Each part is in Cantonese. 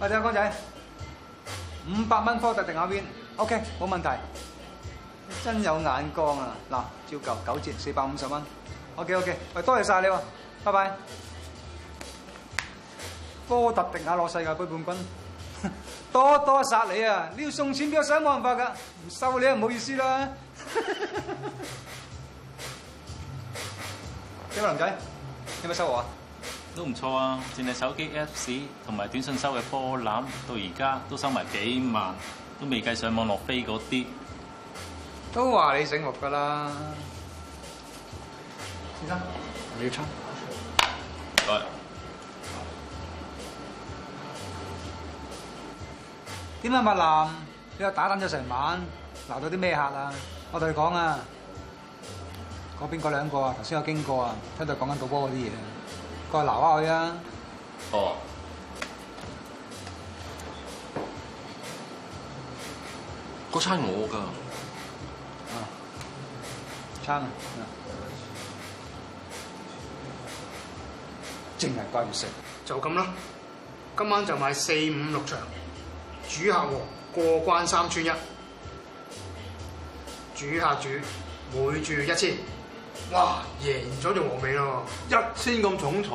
喂，阿光仔，五百蚊科特迪瓦 Win，OK，冇問題。真有眼光啊！嗱，照舊九折，四百五十蚊。OK，OK，喂，多謝晒你喎，拜拜。科特迪瓦攞世界盃冠軍，多多殺你啊！你要送錢俾我，真冇辦法㗎，唔收你啊，唔好意思啦。邊個林仔？有冇收我啊？都唔錯啊！淨係手機 Apps 同埋短信收嘅波攬，到而家都收埋幾萬，都未計上網絡飛嗰啲。都話你醒目㗎啦，先生。唔要親。來謝。點解麥林你個打單咗成晚，撈到啲咩客啊？我對你講啊，嗰邊嗰兩個啊，頭先有經過啊，喺度講緊賭波嗰啲嘢個攋下去、哦、的啊！哦，個餐我㗎，啊，餐啊，淨係怪唔死，就咁啦。今晚就買四五六場，主客和過關三串一，主客主，每注一千。哇！贏咗就和味咯，一千咁重彩，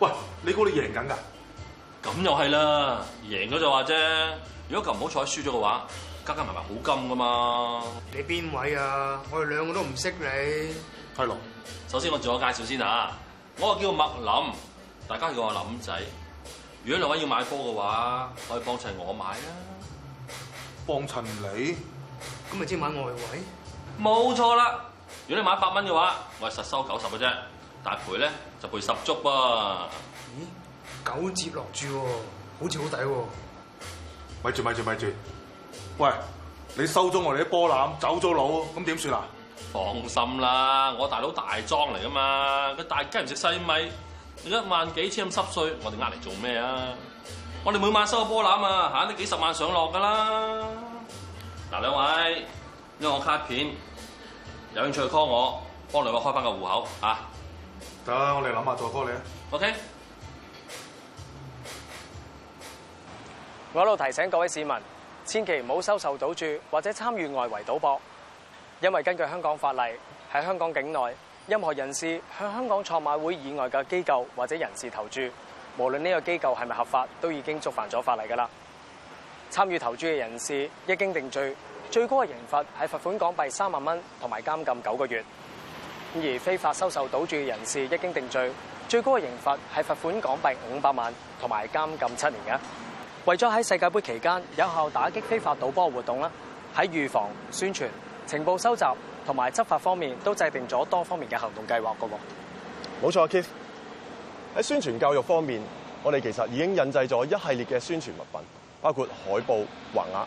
喂，你估你贏緊㗎？咁又係啦，贏咗就話啫。如果球唔好彩輸咗嘅話，加加埋埋好金噶嘛。你邊位啊？我哋兩個都唔識你。係咯，首先我自我介紹先啊，我叫麥林，大家叫我林仔。如果兩位要買波嘅話，可以幫襯我買啊。幫襯你？咁咪即係買外圍？冇錯啦。如果你買一百蚊嘅話，我係實收九十嘅啫，但係賠咧就賠十足噃、啊。咦，九折落注喎，好似好抵喎。咪住咪住咪住！喂，你收咗我哋啲波攬，走咗佬，咁點算啊？放心啦，我大佬大莊嚟㗎嘛，佢大雞唔食細米，你一萬幾千咁濕碎，我哋呃嚟做咩啊？我哋每晚收個波攬啊，吓，你幾十萬上落㗎啦。嗱，兩位，呢個卡片。有興趣 call 我，幫兩位開翻個戶口嚇。得、啊，我哋諗下再 call 你啊的。OK。我喺度提醒各位市民，千祈唔好收受賭注或者參與外圍賭博，因為根據香港法例，喺香港境內，任何人士向香港賽馬會以外嘅機構或者人士投注，無論呢個機構係咪合法，都已經觸犯咗法例㗎啦。參與投注嘅人士一經定罪。最高嘅刑罰係罰款港幣三萬蚊同埋監禁九個月。而非法收受賭注嘅人士一經定罪，最高嘅刑罰係罰款港幣五百萬同埋監禁七年嘅。為咗喺世界杯期間有效打擊非法賭波活動啦，喺預防、宣傳、情報收集同埋執法方面都制定咗多方面嘅行動計劃噶喎。冇錯，Keith。喺宣傳教育方面，我哋其實已經印製咗一系列嘅宣傳物品，包括海報、橫額。